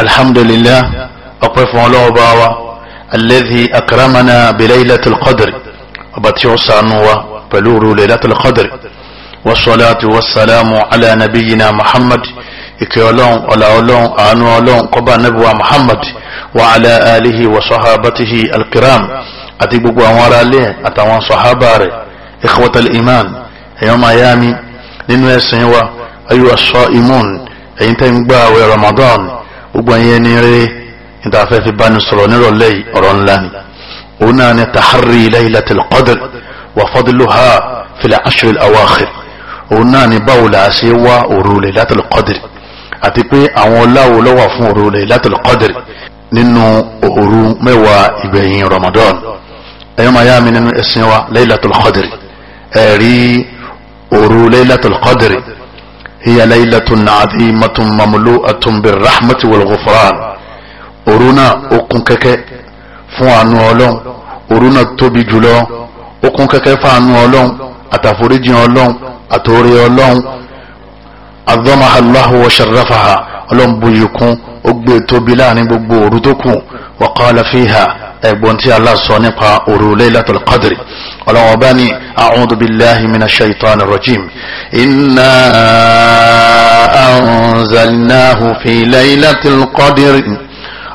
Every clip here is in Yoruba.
alhamdulillah ọpẹ́ fún ọlọ́wọ́ bá wa alladhi akramana bi laylatil qadr ọba tí ó sànú wa pẹ̀lú òru laylatil qadr wasalaatu wasalaamu ala nabiyina muhammad ìkẹ́ ọlọ́run ọ̀là ọlọ́run àánú ọlọ́run kọ́ba nabiwa muhammad wa ala alihi wa sahabatihi alkiram àti gbogbo àwọn ará ilé àtàwọn sahaba rẹ̀ ikhwatal iman èèyàn miami nínú ẹ̀sìn wa ayu as-saimun èyí tẹ́ ń gbà àwẹ̀ ramadan gbogbo ẹ̀yẹn ní rí níta fẹ́ fi bá ní sọ̀rọ̀ nírọ̀lẹ́ yìí ọ̀rọ̀ ńlá ni òun náà ni tahari laylatil qadr wà fadluha fil ashr al awakhir òun náà ni báwo la ṣe wá òru laylatil qadr àti pé àwọn ọláwo ló wà fún òru laylatil qadr nínú òru mẹ́wàá ìgbẹ̀yìn ramadan ẹ̀yọ́ máa yá mi nínú ẹ̀sìn wa laylatil qadr ẹ̀rí òru laylatil qadr هي ليلة عظيمة مملوءة بالرحمة والغفران oruna okun kẹkẹ fún àánú Ọlọ́run oruna tóbi jùlọ okun kẹkẹ fún àánú Ọlọ́run àtàforíjìn Ọlọ́run àtòrí Ọlọ́run azọmahalahu wa sharafaha Ọlọ́run buyikun ó gbé tóbi láàrin gbogbo òru tó kù وقال فيها ابنتي الله صنقا أرو ليلة القدر ولو بني أعوذ بالله من الشيطان الرجيم إنا أنزلناه في ليلة القدر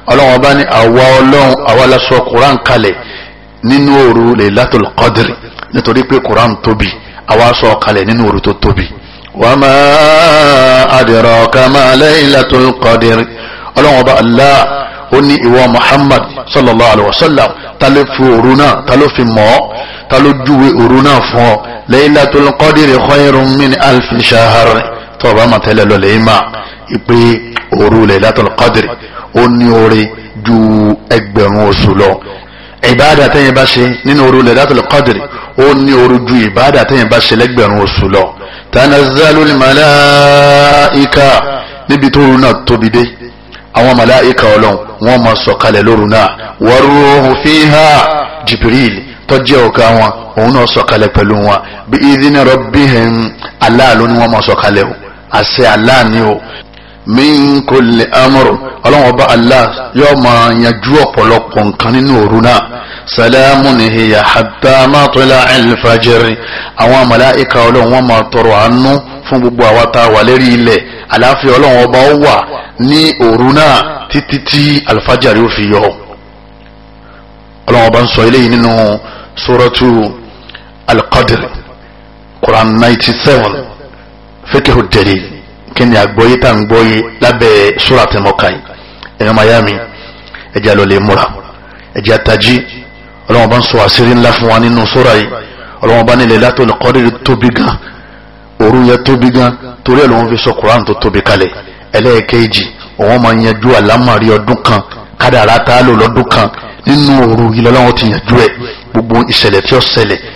ولو بني أولو أولا سوى قرآن قال ننورو ليلة القدر نتريك قرآن توبي أولا سوى قال ننور توبي وما أدراك ما ليلة القدر ولو بأ الله ó ní ìwọ muhammad sallallahu alayhi wa sallam ta ló fi òru náà ta ló fi mọ̀ ọ́ ta ló júwe òru náà fún ọ laylatul qadri khayrun min alfi shahr tó o bá ma tẹ́lẹ̀ lọ lẹ́yìn máa ìpè òru laylatul qadri ó ní oore ju ẹgbẹ̀rún oṣù lọ ìbáàdà tẹ́yìn bá ṣe nínú òru laylatul qadri ó ní oore ju ìbáàdà tẹ́yìn bá ṣe lẹ́gbẹ̀rún oṣù lọ tanazzalul malaika níbi tó òru náà tóbi dé àwọn màláìka ọlọ́run wọ́n máa sọ̀kalẹ̀ lóru náà waruhu fiha jibril tọ́jú ọ̀gá wọn òun náà sọ̀kalẹ̀ pẹ̀lú wọn bí idhni rabbihim aláàlú ni wọ́n máa sọ̀kalẹ̀ o àṣẹ aláàní o min kulli amr ọlọ́run ọba allah yóò máa yanjú ọ̀pọ̀lọpọ̀ nǹkan nínú òru náà salamu ni hiya hatta matula alfajiri àwọn màláìka ọlọ́run wọn máa tọrọ àánú fún gbogbo àwa tá a wà lérí ilẹ̀ àlàáfíà ọlọ́run ọba ó wà ní òru náà títí tí alfajari ó fi yọ ọlọ́run ọba ń sọ eléyìí nínú suratu alqadr quran ninety seven fikihu dalil kí ni àgbọ́yé tá ń gbọ́yé lábẹ́ sóra tẹmọ́ka yìí ẹ̀yọ́ miami ẹ̀jẹ̀ lọ lè múra ẹ̀jẹ̀ àtàjì ọlọ́wọ́n bá ń sọ àṣírí ńlá fún wa nínú sóra yìí ọlọ́wọ́n bá nílẹ̀ látò lè kọ́ rírì tóbi gan òru yẹn tóbi gan torí ẹ̀ lọ́wọ́n fi sọ Kùránì tó tóbi kalẹ̀ ẹlẹ́ẹ̀kejì òun máa yanjú àlámàrí ọdún kan kádàrá tá a kan nínú òru yìí lọ́wọ́n ti yanjú ẹ̀ gbogbo ìṣẹ̀lẹ̀ tí ó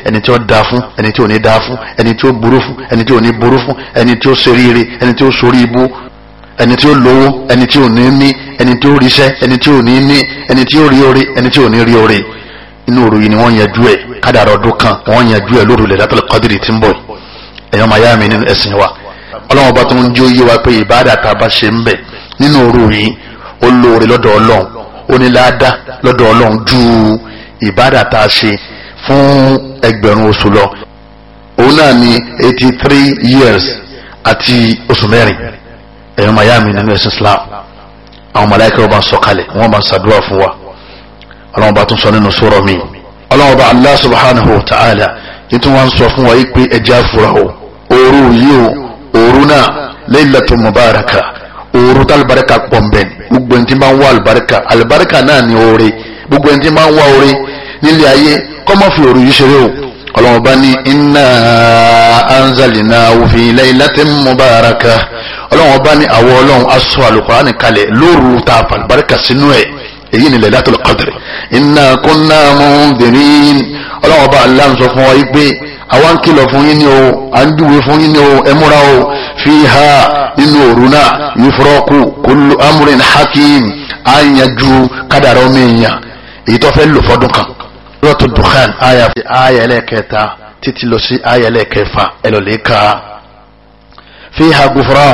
ẹni tí ó da fún ẹni tí ò ní da fún ẹni tí ó burú fún ẹni tí ò ní burú fún ẹni tí ó ṣeríire ẹni tí ó ṣorí ibú ẹni tí ó lówó ẹni tí ò ní ní ẹni tí ó ríṣẹ́ ẹni tí ò ní ní ẹni tí ó rí oore ẹni tí ò ní rí oore inú òru yìí ni wọ́n yanjú ẹ̀ kádàrá ọdún kan wọ́n yanjú ẹ̀ lóru lẹ́dàtọ́lẹ̀ kọ́dìrì tí ń bọ̀ ẹ̀yọ́ màá yá mi nínú ẹ̀sìn wa ọlọ́run ọba tó ń jó yé wa pé ìbáàdà tá a bá ṣe ń bẹ̀ nínú òru yìí ó lóore lọ́dọ̀ ọlọ́run ó ní láàdá lọ́dọ̀ ọlọ́run ju ìbáàdà tá a ṣe fún ẹgbẹ̀rún oṣù lọ òun náà ni eighty three years àti oṣù mẹ́rin ẹ̀yọ́ miami nínú ẹ̀sìn Islam àwọn màláíkà ọba ń sọ̀kalẹ̀ wọ́n bá ń ṣàdúrà fún wa ọlọ́wọ́n bá tún sọ nínú sọ́rọ̀ mi ọlọ́wọ́n bá Allah subhanahu wa ta'ala nítorí wọ́n sọ fún wa yí pé ẹja fura o òru yìí o òru náà laylatu mubaraka òru tá alibarika pọ̀ mbẹ́ni gbogbo ẹni tí máa ń wá alibarika alibarika náà ni oore gbogbo ẹni tí máa ń wá oore nílé ayé kọ́mọ́ fi òru yìí ṣeré o ọlọ́run bá ní inna anzalnahu fi laylatin mubarakah ọlọ́run bá ní àwọ̀ ọlọ́run aṣọ àlùkùránì kalẹ̀ lóru tá a fàlùbáríkà sínú ẹ̀ èyí ni Lailatul Qadr inna kunna mundirin ọlọ́run bá aláǹ sọ fún wa yí pé àwa ń kìlọ̀ fún yín ni o à ń júwe fún yín ni o ẹ múra o fi ha nínú òru náà yufraqu kullu amrin hakim àyànjú kádàrá ọmọ èèyàn èyí tó fẹ́ lò fọdún kan rọ́tù dukhan aya fi aya ẹlẹ́kẹta títí lọ sí aya ẹlẹ́kẹfà ẹlọ́lẹ́ka fi ha gufran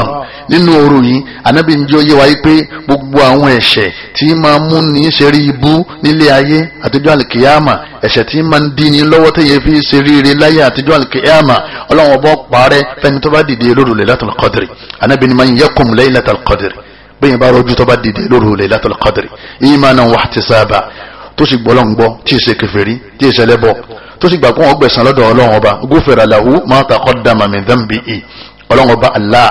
nínú òru yìí anabi ń jẹ́ oyé wa pé gbogbo àwọn ẹ̀ṣẹ̀ tí máa mú ní ṣeré ibú nílé ayé àtijọ́ àlìkìyàmà ẹ̀ṣẹ̀ tí máa ń dín ní lọ́wọ́ tẹ̀yẹ fi ṣeré eré láyé àtijọ́ àlìkìyàmà ọlọ́run ọba parẹ́ fẹ́ni tó bá dìde lóru Laylatul Qadri anabi ni máa yakum Laylatul Qadri bẹ́ẹ̀ bá rọjú tó bá dìde lóru Laylatul Qadri imanan wahtisaba tó sì gbọ́ lọ́n gbọ́ tí ì ṣe kèfèrí tí ì ṣẹlẹ́bọ̀ tó sì gbà kó wọn gbẹ̀san lọ́dọ̀ ọlọ́run ọba gufira lahu ma taqaddama min dhanbihi ọlọ́run ọba Allah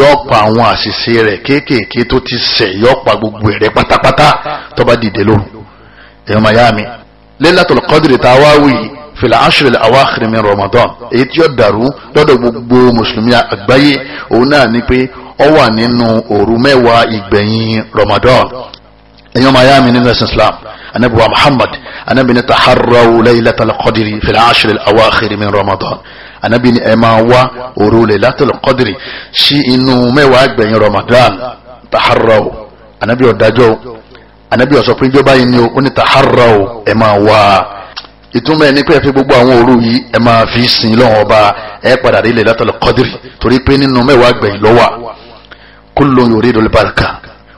yóò pa àwọn àṣìṣe rẹ̀ kéékèèké tó ti ṣẹ̀ yóò pa gbogbo rẹ̀ pátápátá tó bá dìde lóru ẹ̀rọ miami Lailatul Qadri tá a wá wí fìlà ashri al-awakhir Ramadan èyí tí yóò dàrú lọ́dọ̀ gbogbo mùsùlùmí àgbáyé òun náà ni pé ó wà nínú òru mẹ́wàá ìgbẹ̀yìn Ramadan ẹ̀yin ọmọ ayá mi nínú ẹ̀sìn islam anabi wa muhammad anabi ni taharraw laylatal qadri fil ashri al-awakhir min ramadan anabi ni ẹ máa wá òru laylatal qadri sí inú mẹ́wàá gbẹ̀yìn ramadan taharraw anabi ọ̀dájọ́ anabi ọ̀sọ́ pé ìjọba yìí ni ó ní taharraw ẹ máa wá ìtumọ̀ ẹni pé ẹ fi gbogbo àwọn òru yìí ẹ máa fi sìn lọ́wọ́ ọba ẹ padà rí laylatal qadri torí pé nínú mẹ́wàá gbẹ̀yìn ló wà kullun yuridu al-baraka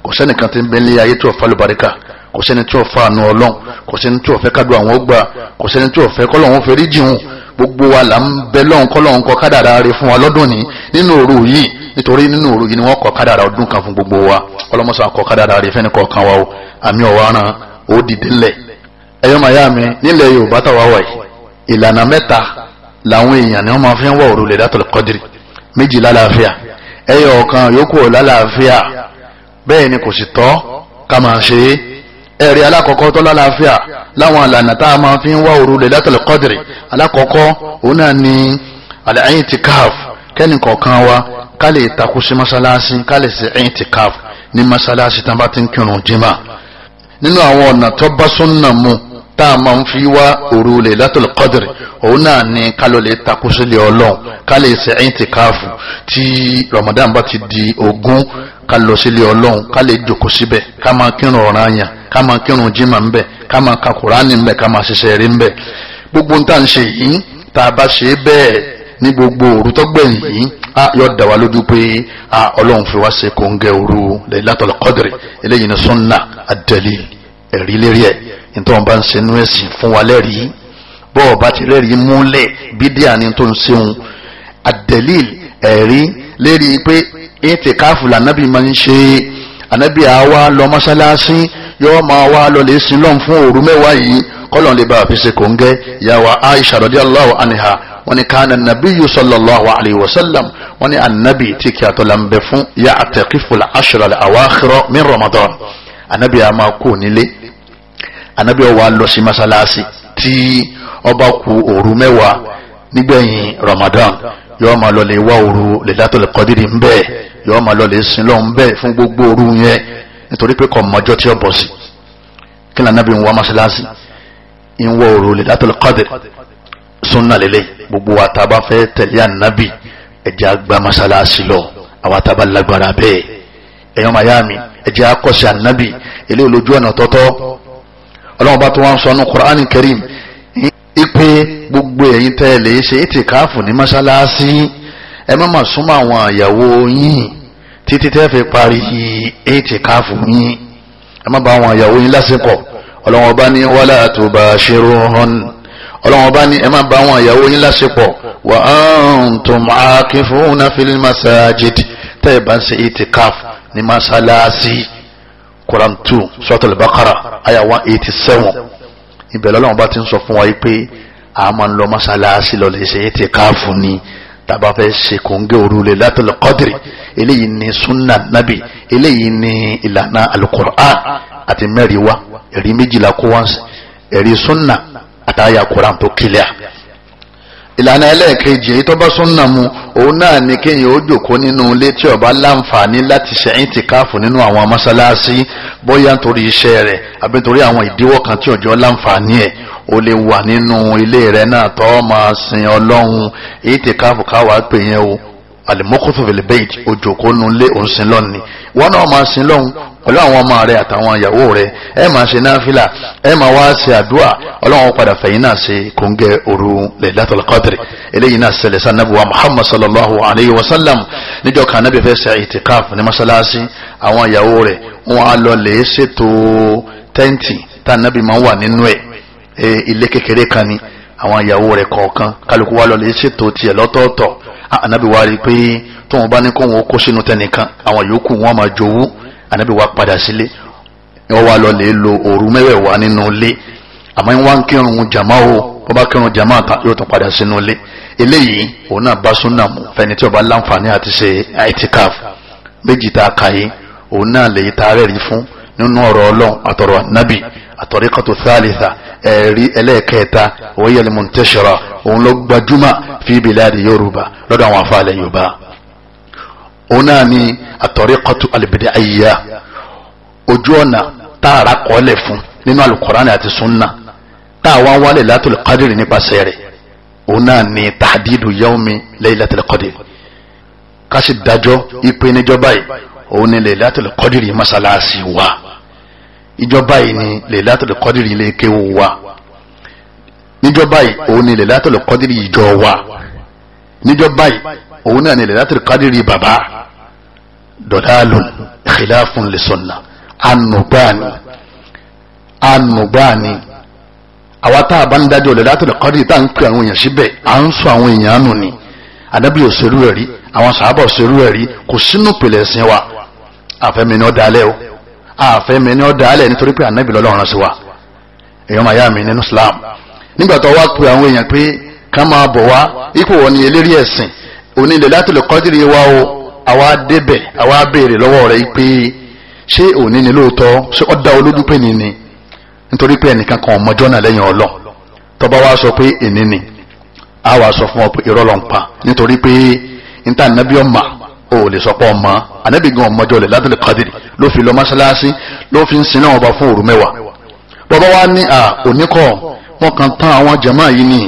kò sẹ́ni kan tí ń bẹ nílé ayé tí ò fa lùbáríkà kò sẹ́ni tí ò fa àánú ọlọ́run kò sẹ́ni tí ò fẹ́ kádùn àwọn ọgbà kò sẹ́ni tí ò fẹ́ kọ́lọ́hún fẹ́ rí jìun gbogbo wa là ń bẹ lọ́hún kọ́lọ́hún kọ kádàrá rẹ̀ fún wa lọ́dún ní nínú òru yìí nítorí nínú òru yìí ni wọ́n kọ kádàrá ọdún kan fún gbogbo wa ọlọ́mọsà kọ kádàrá rẹ̀ fẹ́ni kọ̀ọ̀kan wa bẹ́ẹ̀ ni kò sì tọ́ ká máa ṣe é ẹ̀rí alákọ̀ọ́kọ́ tó lálàáfíà láwọn àlànà tá a máa fi ń wá òru Lailatul Qadri alákọ̀ọ́kọ́ òun náà ni al-i'tikaf kẹ́nì kọ̀ọ̀kan wa ká lè takú sí mọ́sálásí ká lè ṣe i'tikaf ní mọ́sálásí tán bá ti ń kírun jimá nínú àwọn ọ̀nà tó bá súnnà mu tá a máa ń fi wá òru Laylatul Qadr òun náà ni kálọ̀lẹ̀ takosílẹ̀ ọlọ́run kálẹ̀ ṣe ìtìkáàfù tí Ramadan bá ti di ogún kálọ̀sílẹ̀ ọlọ́run kálẹ̀ jòkó síbẹ̀ ká máa kírun ọ̀ranyàn ká máa kírun jimá ńbẹ̀ ká máa ka kùránì ńbẹ̀ ká máa ṣiṣẹ́ rí ńbẹ̀ gbogbo ń tà ń ṣe yìí tá a bá ṣe é bẹ́ẹ̀ ní gbogbo òru tó yìí a yóò dá wa lójú pé a ọlọ́run fi wá ṣe kóńgẹ́ òru Laylatul Qadr eléyìí ni sunna ad ẹ̀rí lérí ẹ̀ nítorí wọn bá ń ṣe inú ẹ̀sìn fún wa lẹ́rìí bọ́ọ̀ bá ti lẹ́rìí múlẹ̀ bídíà ni tó ń ṣeun àdẹ̀lìl ẹ̀rí lérí pé ètè káfù lànàbì máa ń ṣe ànàbì àwa lọ mọ́ṣáláṣí yọ́ máa wá lọ lè sin lọ́n fún òru mẹ́wàá yìí kọ́lọ̀ lè bá a fi ṣe kò ń gẹ́ ìyàwó Aisha radiyallahu anha wọn ni kánà nabiyyu sallallahu alayhi wa sallam wọn ni ànàbì tí kì àtọ́lá ń bẹ fún ya'taqifu al-ashra al-awakhira min Ramadan ànàbì àmà kú nílé anabi ọwọ́ lọ sí masalasi tí ọba ku òru mẹ́wàá nígbẹ̀yìn Ramadan yóò máa lọ lè wá òru Lailatul Qadr ń bẹ́ẹ̀ yóò máa lọ lè sin lọ́n ń bẹ́ẹ̀ fún gbogbo òru yẹn nítorí pé kò mọjọ́ tí ó bọ̀ sí kí ni anabi ń wá masalasi ń wá òru Lailatul Qadr sunna lele gbogbo wa ta bá fẹ́ tẹ̀lé anabi ẹ̀jẹ̀ àgbà masalasi lọ àwa ta bá lágbára bẹ́ẹ̀ ẹ̀yọ́ mayami ẹ̀jẹ̀ akọ́sí anabi eléyìí lójú ọ̀nà tọ́tọ́ ọlọ́run bá tó wá ń sọ ní Qur'an Karim ipe gbogbo ẹ̀yin tẹ́ ẹ lè ṣe ìtìkáàfù ní mọ́ṣáláṣí ẹ má mà súnmọ́ àwọn àyàwó yín títí tẹ́ fi parí ìtìkáàfù yín ẹ má bá àwọn àyàwó yín lásìkò ọlọ́run bá ní wala tubashiruhun ọlọ́run bá ní ẹ má bá àwọn àyàwó yín lásìkò wa antum aakifuna fil masajid tẹ́ ẹ bá ń ṣe ìtìkáàfù ní mọ́ṣáláṣí. Quran two Suratul Baqara aya 187. eighty seven ìbẹ̀rẹ̀ ọlọ́run bá ti ń sọ fún wa yìí pé a máa ń lọ mọ́ṣáláṣí lọ lè ṣe é ti káàfù ni tàbá fẹ́ ṣe kòńgẹ́ òru lè látọ̀lẹ̀ kọ́dìrì eléyìí ni sunna nabi eléyìí ni ìlànà alukur'an àti mẹ́rin wa ẹ̀rí méjìlá kó wá ẹ̀rí sunna àtàyà Quran tó kílíà ìlànà ẹlẹ́ẹ̀kejì èyí tó bá súnà mu òun náà ni kéèyàn ó jòkó nínú ilé tí ó bá láǹfààní láti ṣe ìtìkáàfù nínú àwọn mọ́sálásí bóyá nítorí iṣẹ́ rẹ̀ àbí nítorí àwọn ìdíwọ́ kan tí ó láǹfààní ẹ̀ ó lè wà nínú ilé rẹ̀ náà tó máa sin ọlọ́run ìtìkáàfù káwàá pè yẹn o alimokoto velebeit ojoko nulẹ onsin lọni wọn náà máa sin lọhùn pẹ̀lú àwọn ọmọ rẹ àtàwọn ìyàwó rẹ ẹ máa ṣe náfìlà ẹ máa wá ṣe àdúrà Ọlọ́run padà fẹ̀yìn náà ṣe kóńgẹ́ òru lailatul qadr eléyìí náà ṣẹlẹ̀ sanabuwa muhammad sallallahu alayhi wa sallam níjọ́ kan náà bí fẹ́ ṣe itikaf ní masalasi àwọn ìyàwó rẹ wọn á lọ lè ṣètò tẹ́ǹtì tá a máa wà nínú ẹ̀ ilé kékeré kan ni àwọn ìyàwó rẹ̀ kọ̀ọ̀kan kálukú wa lọ́lẹ̀ ṣètò tiẹ̀ lọ́tọ̀ọ̀tọ̀ ànábì wa rí i pé tóun bá ní kóun ó kó sínú tẹnìkan àwọn yòókù wọn máa jowú ànábì wa padà sílé wọn wá lọ́lẹ̀ lo òru mẹ́wẹ̀ẹ̀wá nínú ilé àmọ́ wọn ń kírun jàmá o wọn bá kírun jàmá ta yóò tún padà sínú ilé eléyìí òun náà bá súnà mú fẹni tí ó bá láǹfààní àti ṣe àìtíkàf méjì tá a kà yìí òun náà lè yí tá a rẹ̀ rí fún nínú ọ̀rọ̀ ọlọ́run àtọ̀rọ̀ ànábì àtọ̀ríkọ̀tò thalitha ẹ̀rí ẹlẹ́ẹ̀kẹta wọ́yẹ̀ lè mọ̀tẹ́sọ̀rọ̀ òun ló gbajúmọ̀ fi biladi yorùbá lọ́dọ̀ àwọn afáàlẹ̀ yorùbá òun náà ni àtọ̀ríkọ́tù al-bid'iyya ojú ọ̀nà tààrà kọ́lẹ̀ fún nínú alukurani àti sunna táwa wálẹ̀ látòlù kádìrì nípasẹ̀ rẹ̀ òun náà ni tahdidu yaomi laylatul qadr ká sì dájọ́ ìpè níjọba yìí òun ni laylatul qadr masalasi wa ìjọba yìí ni Lailatul Qadri ilé kéwò wa níjọba yìí òun ni Lailatul Qadri ìjọ wa níjọba yìí òun náà ni Lailatul Qadri bàbá dọ̀dálùn khilafun li sunnah anùgbàni anùgbàni àwa tá a bá ń dájọ́ Lailatul Qadri tá à ń pè àwọn èèyàn síbẹ̀ à ń sọ àwọn èèyàn nù ni ànábì òṣèlú ẹ̀rí àwọn sàábà òṣèlú ẹ̀rí kò sínú pèlè ẹ̀sìn wa àfẹ́mi ni ó dalẹ́ o àfẹ́mi ní ọ̀dà alẹ́ nítorí pé ànábì lọ́lọ́run sí wa èèyàn máa yá mi nínú Islam nígbà tó wá pe àwọn èèyàn pé ká máa bọ̀ wá ipò wọn ni eléré ẹ̀sìn òní ilẹ̀ láti lè kọ́dìrì wa o àwa débẹ̀ àwa béèrè lọ́wọ́ rẹ̀ pé ṣé òní ni lóòótọ́ ṣé ọ̀dà olójú pé ni ni nítorí pé ẹnìkan kan ọmọjọ́ náà lẹ́yìn ọlọ́ tọ́ba wa sọ pé èní ni a wà sọ fún ọ pé irọ́ ló pa nítorí pé níta o lè sọ pé ọmọ anabi gan ọmọjọ lè ládùn kadiri ló fi lọ mọ́ṣáláṣí ló fi ń sin náà ọba fún òru mẹ́wàá bàbá wa ní à oníkọ wọn tán àwọn jàmáà yìí ni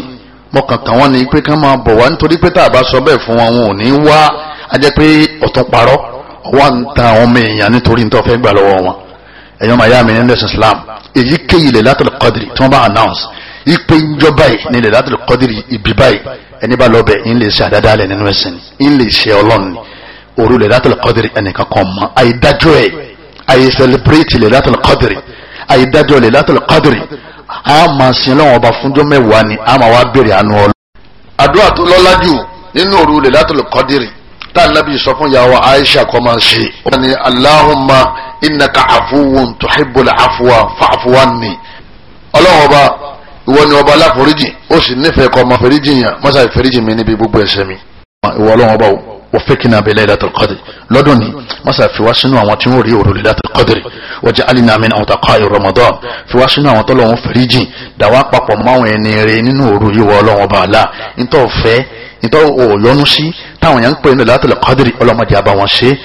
wọn tán wọn ni pé ká máa bọ̀ wá nítorí pé tá a bá sọ bẹ́ẹ̀ fún wọn wọn ò ní wá a jẹ́ pé ọ̀tún parọ́ ọwọ́ ń ta àwọn ọmọ èèyàn nítorí nítorí fẹ́ gbà lọ́wọ́ wọn ẹ̀yọ́ màá yá mi ní ẹ̀sìn Islam èyíkéyìí lè ládùn kadiri tí wọ́n bá announce ipe njọ báyìí ní lè ládùn kadiri ibi báyìí ẹni bá lọ bẹ̀ ń lè ṣe àdáda alẹ́ nínú ẹ̀sìn ń lè ṣe ọlọ́run ni òru Lailatul Qadr ẹnìkan kan mọ́ àìdájọ́ ẹ̀ àyè celebrate Lailatul Qadr àìdájọ́ Lailatul Qadr a máa sin lọ́wọ́ ọba fúnjọ́ mẹ́wàá ni a máa wá bèrè àánú ọlọ́. àdúrà tó lọ́lá jù nínú òru Lailatul Qadr tá nàbí sọ fún yàwó Aisha kọ́ máa ṣe. ó ní Allahumma innaka afuwun tuhibbul afwa fa'fu anni. ọlọ́wọ́ ọba ìwọ ni ọba aláforíjì ó sì nífẹ̀ẹ́ kọ́ ọmọ fẹ́ríjì yàn mọ́sàáfẹ́ríjì mi níbi gbogbo ẹ̀ṣẹ̀ mi. ìwọ ọlọ́wọ́ ọba o وفقنا بليلة القدر لدني مسا في واشنا وتموري وليلة القدر وجعلنا من أتقاء رمضان في واشنا وطلعوا فريجي دواء بابا ماوي نيري نينو روي ولو بالا انتو في انتو يونسي تاو ينقل ليلة القدر ولو ما جابا وانشي